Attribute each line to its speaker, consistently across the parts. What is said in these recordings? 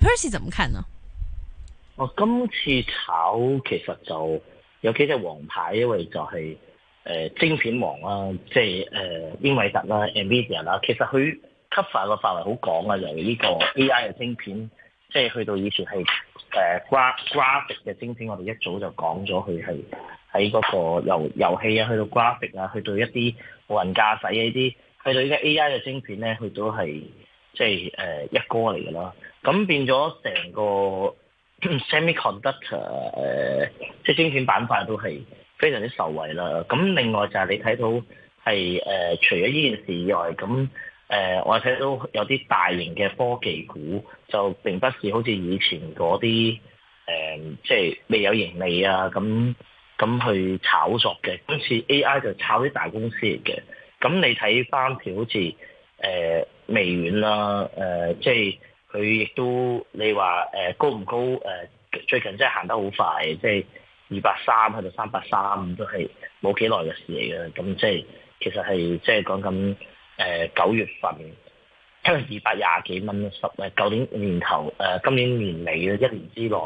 Speaker 1: Percy，怎麼看呢？
Speaker 2: 我、哦、今次炒其實就有幾隻王牌，因為就係、是、誒、呃、晶片王啦、啊，即係誒、呃、英偉達啦、Nvidia 啦、啊。其實佢 cover 個範圍好廣啊，由呢個 AI 嘅晶片，即係去到以前係誒、呃、graphic 嘅晶片，我哋一早就講咗佢係喺嗰個遊遊戲啊，去到 graphic 啊，去到一啲無人駕駛呢啲，去到依家 AI 嘅晶片咧，佢都係即係誒、呃、一哥嚟噶啦。咁變咗成整個 semiconductor 誒，即係晶片板塊都係非常之受惠啦。咁另外就係你睇到係誒、呃，除咗呢件事以外，咁誒、呃、我睇到有啲大型嘅科技股就並不是好似以前嗰啲誒，即、呃、係、就是、未有盈利啊，咁咁去炒作嘅。今次 AI 就炒啲大公司嚟嘅。咁你睇翻條好似誒、呃、微軟啦、啊，誒即係。就是佢亦都你話誒高唔高誒？最近真係行得好快，即係二百三去到三百三，都係冇幾耐嘅事嚟嘅。咁即係其實係即係講緊誒九月份，因為二百廿幾蚊十誒舊年年頭誒、呃、今年年尾咧一年之內，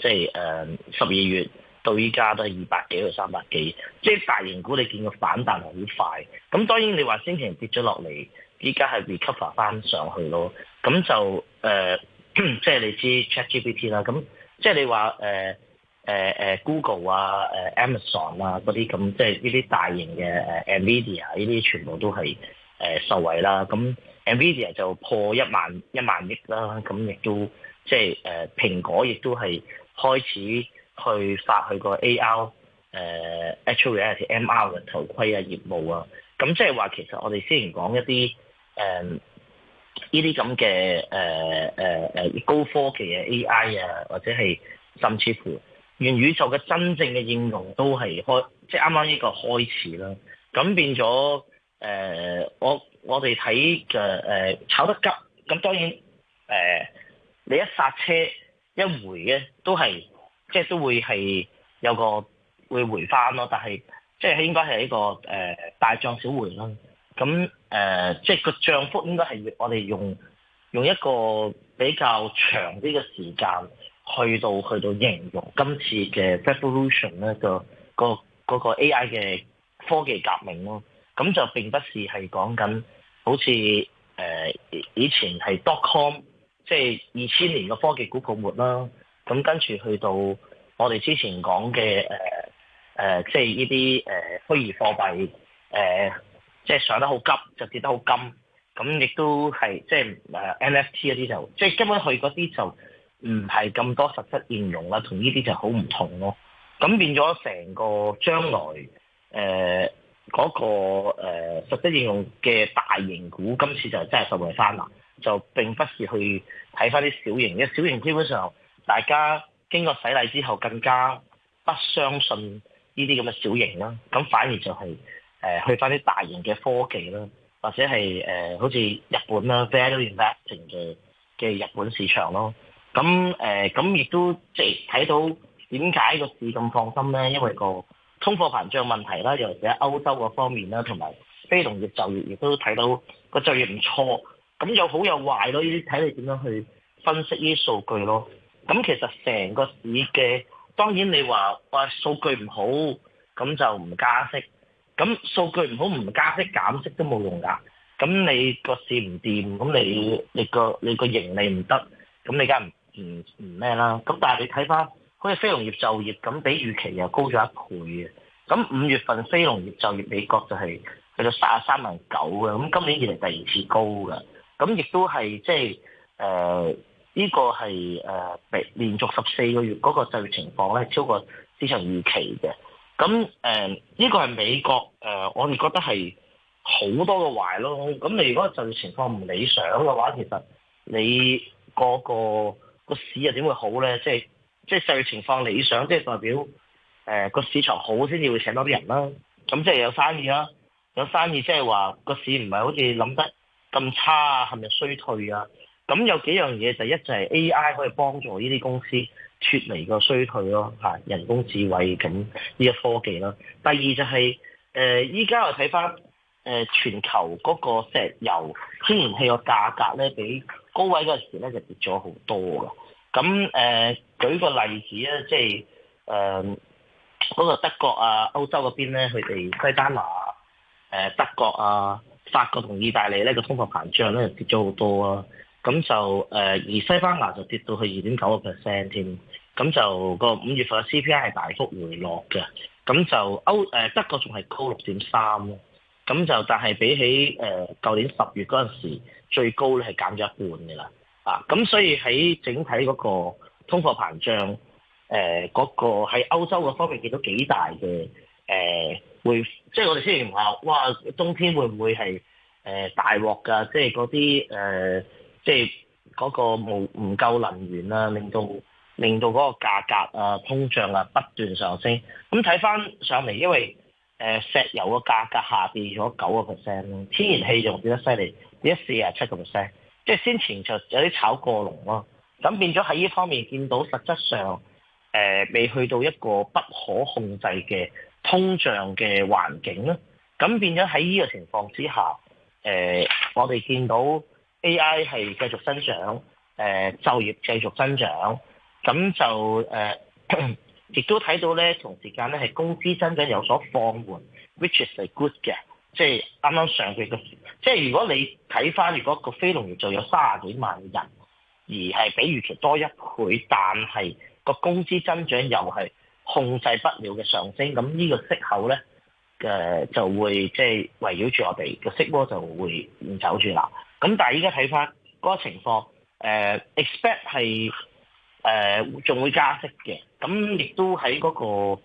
Speaker 2: 即係誒十二月到依家都係二百幾到三百幾。即係、就是、大型股你見佢反彈好快。咁當然你話先前跌咗落嚟，依家係 recover 翻上去咯。咁就誒、呃，即係你知 ChatGPT 啦。咁即係你話誒、呃呃、Google 啊、呃、Amazon 啊嗰啲咁，即係呢啲大型嘅 Nvidia 呢啲，全部都係誒、呃、受惠啦。咁 Nvidia 就破一萬一萬億啦。咁亦都即係誒、呃、蘋果亦都係開始去發佢個 AR t、呃、actual reality MR 嘅頭盔啊業務啊。咁即係話其實我哋雖然講一啲誒。呃呢啲咁嘅誒誒高科技嘅 AI 啊，或者係甚至乎元宇宙嘅真正嘅應用都係開，即係啱啱呢個開始啦。咁變咗誒、呃，我我哋睇嘅誒炒得急，咁當然誒、呃、你一剎車一回咧，都係即係都會係有個會回翻咯。但係即係應該係一個誒、呃、大漲小回啦。咁誒，即係個漲幅應該係我哋用用一個比較長啲嘅時間去到去到形容今次嘅 revolution 咧，個個嗰個 A.I. 嘅科技革命咯。咁就並不是係講緊好似誒、呃、以前係 dot com，即係二千年嘅科技股泡沫啦。咁跟住去到我哋之前講嘅誒即係呢啲誒虛擬貨幣誒。呃即係上得好急，就跌得好金，咁亦都係即係 NFT 嗰啲就，即係根本去嗰啲就唔係咁多實質應用啦，同呢啲就好唔同咯。咁變咗成個將來誒嗰、呃嗰個誒、呃、實質應用嘅大型股，今次就真係受惠翻啦，就並不是去睇翻啲小型，因為小型基本上大家經過洗禮之後，更加不相信呢啲咁嘅小型啦，咁反而就係、是。誒去翻啲大型嘅科技啦，或者係誒、呃、好似日本啦，very investing 嘅嘅日本市場咯。咁誒咁亦都即係睇到點解個市咁放心咧？因為個通貨膨脹問題啦，尤其是喺歐洲嗰方面啦，同埋非農業就業亦都睇到個就業唔錯。咁有好有壞咯，呢啲睇你點樣去分析呢啲數據咯。咁其實成個市嘅，當然你話話數據唔好，咁就唔加息。咁數據唔好，唔加息減息都冇用㗎。咁你個市唔掂，咁你你個你個盈利唔得，咁你梗係唔唔唔咩啦？咁但係你睇翻，好似非農業就業咁，比預期又高咗一倍嘅。咁五月份非農業就業美國就係去到卅三萬九嘅，咁今年以嚟第二次高㗎。咁亦都係即係誒呢個係誒、呃、連續十四個月嗰個就業情況咧，超過市場預期嘅。咁誒，呢、嗯這個係美國誒、呃，我哋覺得係好多嘅壞咯。咁你如果就業情況唔理想嘅話，其實你嗰個個，個市又點會好咧？即係即係就業情況理想，即、就、係、是、代表誒、呃、個市場好，先至會請多啲人啦、啊。咁即係有生意啦、啊，有生意即係話個市唔係好似諗得咁差啊，係咪衰退啊？咁有幾樣嘢，第一就係 A I 可以幫助呢啲公司。脫離個衰退咯，吓人工智慧咁呢一科技咯。第二就係誒依家我睇返誒全球嗰個石油、天然氣個價格咧，比高位嗰時咧就跌咗好多嘅。咁誒、呃、舉個例子咧，即係誒嗰個德國啊、歐洲嗰邊咧，佢哋西班牙、誒、呃、德國啊、法國同意大利咧嘅、那個、通貨膨脹咧又跌咗好多啊！咁就誒，而、呃、西班牙就跌到去二點九個 percent 添。咁就個五月份嘅 CPI 係大幅回落嘅。咁就歐誒、呃、德國仲係高六點三咯。咁就但係比起誒舊、呃、年十月嗰陣時最高咧，係減咗一半噶啦。啊，咁所以喺整體嗰個通貨膨脹誒嗰、呃那個喺歐洲嘅方面，見到幾大嘅誒、呃、會即係、就是、我哋先前話哇冬天會唔會係誒大鑊㗎？即係嗰啲誒。即係嗰個冇唔夠能源啦，令到令到嗰個價格啊、通脹啊不斷上升。咁睇翻上嚟，因為石油嘅價格下跌咗九個 percent 咯，天然氣仲跌得犀利，跌四十七個 percent。即係先前就有啲炒過龍咯，咁變咗喺呢方面見到，實質上、呃、未去到一個不可控制嘅通脹嘅環境咯。咁變咗喺呢個情況之下，誒、呃、我哋見到。A.I. 係繼續增長，誒、呃、就業繼續增長，咁就誒亦、呃、都睇到咧，同時間咧係工資增長有所放緩，which is a good 嘅，即係啱啱上個月嘅，即係如果你睇返，如果個非農業就有三十幾萬人，而係比預期多一倍，但係個工資增長又係控制不了嘅上升，咁呢個息口咧？嘅就會即係圍繞住我哋個息波就會唔走住啦。咁但係依家睇翻嗰個情況，誒 expect 係誒仲會加息嘅。咁亦都喺嗰個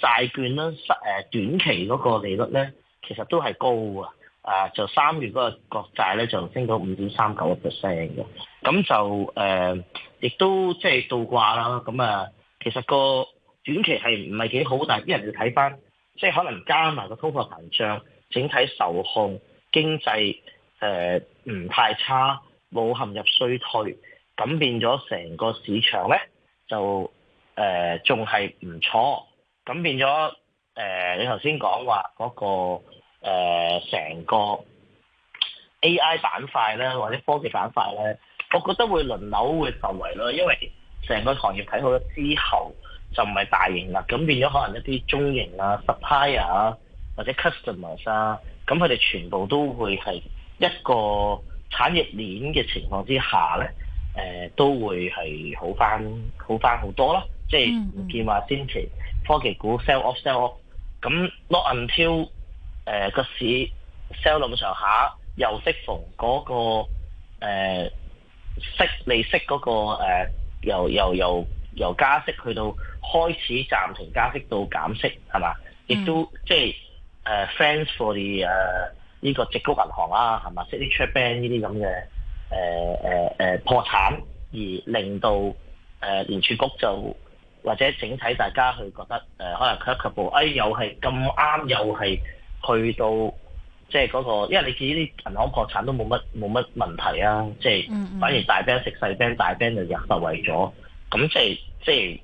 Speaker 2: 債券啦、呃、短期嗰個利率咧，其實都係高嘅。啊、呃，就三月嗰個國債咧，就升到五點三九個 percent 嘅。咁就誒亦、呃、都即係倒掛啦。咁啊，其實個短期係唔係幾好，但係啲人要睇翻。即係可能加埋個通貨膨脹，整體受控，經濟誒唔、呃、太差，冇陷入衰退，咁變咗成個市場咧就誒仲係唔錯，咁變咗誒、呃、你頭先講話嗰、那個成、呃、個 AI 板塊咧，或者科技板塊咧，我覺得會輪流會受惠咯，因為成個行業睇好咗之後。就唔係大型啦，咁變咗可能一啲中型啊、supplier 啊或者 customers 啊，咁佢哋全部都會係一個產業鏈嘅情況之下咧、呃，都會係好翻好翻好多啦。即係唔見話先前科技股 sell off sell off，咁 not until 誒、呃、個市 sell 落咁上下，又適逢嗰、嗰個、呃、息利息嗰、嗰個又又、呃、又。又又由加息去到開始暫停加息到減息，係嘛？亦、mm. 都即係、就是 uh, friends for the 誒呢個直股銀行啦，係嘛 City Bank 呢啲咁嘅呃，呃，誒、呃、破產，而令到呃，聯儲局就或者整體大家去覺得呃，可能一步一步，哎，又係咁啱，又係去到即係嗰個，因為你見呢啲銀行破產都冇乜冇乜問題啊，即、就、係、是、反而大 bank 食細 bank 大 bank 就入實惠咗，咁即係。嗯就是即係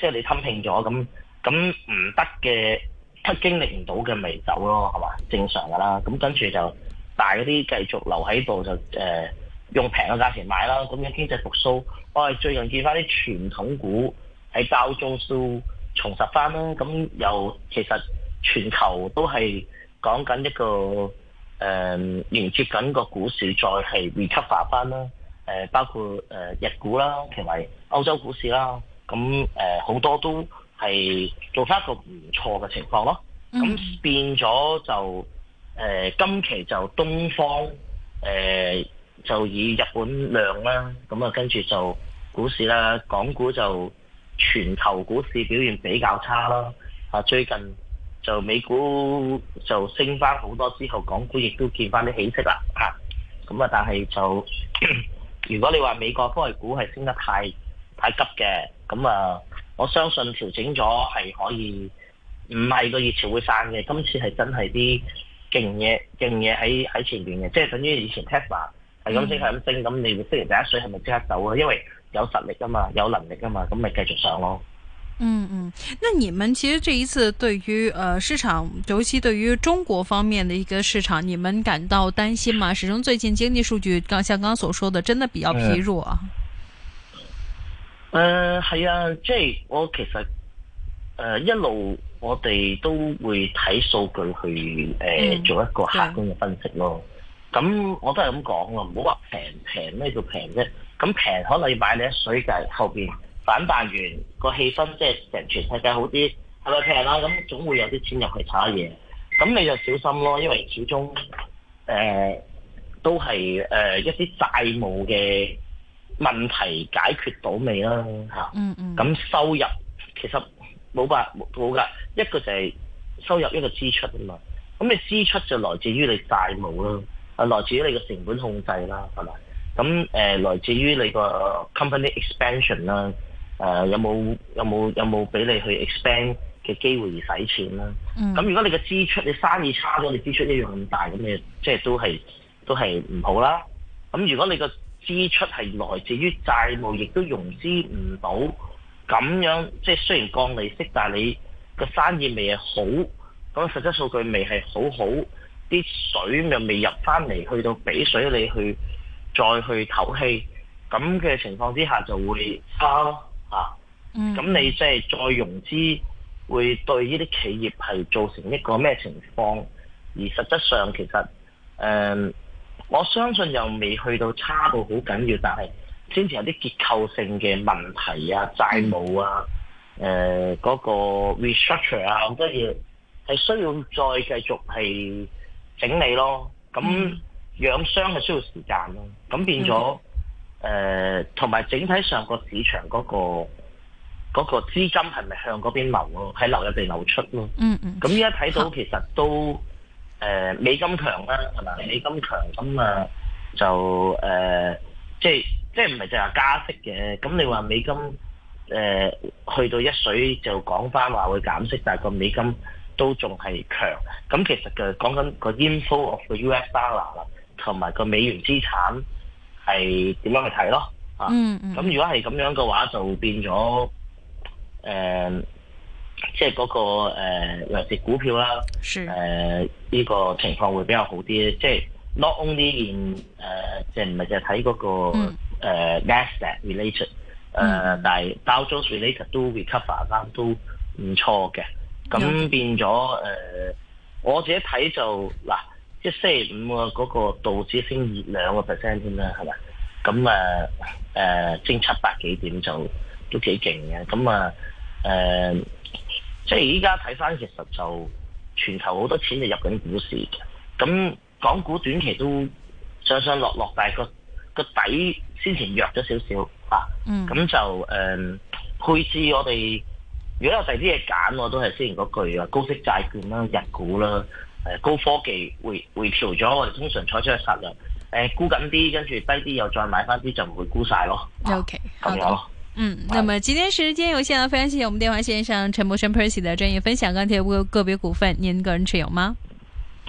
Speaker 2: 即係你參聘咗咁咁唔得嘅，不經歷唔到嘅咪走咯，係嘛？正常㗎啦。咁跟住就大嗰啲繼續留喺度就誒、呃、用平嘅價錢買啦。咁樣經濟復甦，我、哎、係最近見翻啲傳統股喺交中蘇重拾翻啦。咁又其實全球都係講緊一個誒、呃、連接緊個股市再係 recup 化翻啦。誒包括，誒日股啦，同埋歐洲股市啦，咁誒好多都係做返一個唔錯嘅情況咯。咁、嗯、變咗就誒、呃、今期就東方誒、呃、就以日本量啦，咁啊跟住就股市啦，港股就全球股市表現比較差啦。啊最近就美股就升翻好多之後，港股亦都見翻啲起色啦。嚇，咁啊但係就。如果你話美國科技股係升得太太急嘅，咁啊，我相信調整咗係可以，唔係個熱潮會散嘅。今次係真係啲勁嘢勁嘢喺喺前面嘅，即係等於以前 Tesla 係咁升係咁升，咁、嗯、你跌完第一水係咪即刻走啊？因為有實力噶嘛，有能力噶嘛，咁咪繼續上咯。
Speaker 1: 嗯嗯，那你們其實這一次對於，呃，市場，尤其對於中國方面的一個市場，你們感到擔心嗎？始終最近經濟數據，剛像剛所說的，真的比較疲弱。啊
Speaker 2: 誒，係啊，即係我其實誒一路我哋都會睇數據去誒做一個客觀嘅分析咯。咁我都係咁講啊，唔好話平平咩叫平啫，咁平可能要買你水界後邊。反彈完個氣氛，即係成全世界好啲，係咪平啦？咁總會有啲錢入去炒嘢，咁你就小心咯，因為始終誒、呃、都係誒、呃、一啲債務嘅問題解決到未啦？嚇，嗯嗯，咁、啊、收入其實冇辦法冇㗎，一個就係收入，一個支出啊嘛。咁你支出就來自於你債務啦，啊，來自於你個成本控制啦，係咪？咁誒、呃，來自於你個 company expansion 啦。誒、uh, 有冇有冇有冇俾你去 expand 嘅機會而使錢啦？咁、mm. 如果你嘅支出你生意差咗，你支出一樣咁大咁嘅，即係都係都係唔好啦。咁如果你個支出係來自於債務，亦都融資唔到咁樣，即係雖然降利息，但係你個生意未係好，咁實質數據未係好好，啲水又未入翻嚟，去到俾水你去再去唞氣咁嘅情況之下，就會差咯。Uh, 啊，
Speaker 1: 咁你
Speaker 2: 即係再融資會對呢啲企業係造成一個咩情況？而實質上其實，誒、嗯，我相信又未去到差到好緊要，但係先前有啲結構性嘅問題啊、債務啊、誒、呃、嗰、嗰個 restructure 啊咁多嘢，係需要再繼續係整理咯。咁養傷係需要時間咯，咁變咗。 誒，同埋、呃、整體上個市場嗰、那個嗰、那個、資金係咪向嗰邊流咯？喺流入地流出咯？嗯嗯。咁依家睇到其實都誒、呃、美金強啦、啊，係咪美金強咁啊就誒、呃，即係即係唔係淨係加息嘅？咁你話美金誒、呃、去到一水就講翻講返話會減息，但係個美金都仲係強。咁其實就講緊個 inflow of the US dollar 啦，同埋個美元資產。係點樣去睇咯？嗯嗯、啊，咁如果係咁樣嘅話，就變咗誒，即係嗰個誒，尤、呃、其股票啦，誒呢是、呃這個情況會比較好啲。即、就、係、是、not only in 誒、呃，即係唔係淨係睇嗰個誒 asset related，誒，但係 Dow Jones related 都 recover 返都唔錯嘅。咁變咗誒、嗯呃，我自己睇就嗱。即係星期五啊，嗰個道指升二兩個 percent 添啦，係咪？咁啊，誒、啊，升七百幾點就都幾勁嘅。咁啊，誒、啊，即係依家睇翻，其實就全球好多錢就入緊股市嘅。咁港股短期都上上落落，但係個個底先前弱咗少少啊。咁、嗯、就誒、呃，配置我哋，如果有第啲嘢揀，我都係先前嗰句啊，高息債券啦，日股啦。誒，高科技回回調咗，我哋通常採取嘅策略，誒、呃，沽緊啲，跟住低啲又再買翻啲，就唔會沽晒咯。O K，咁
Speaker 1: 樣咯。的嗯，嗯，那麼今天時間有限啊，非常謝謝我們電話線上、啊、陳博生 Percy 的專業分享。鋼鐵股有個別股份，嗯、您個人持有嗎？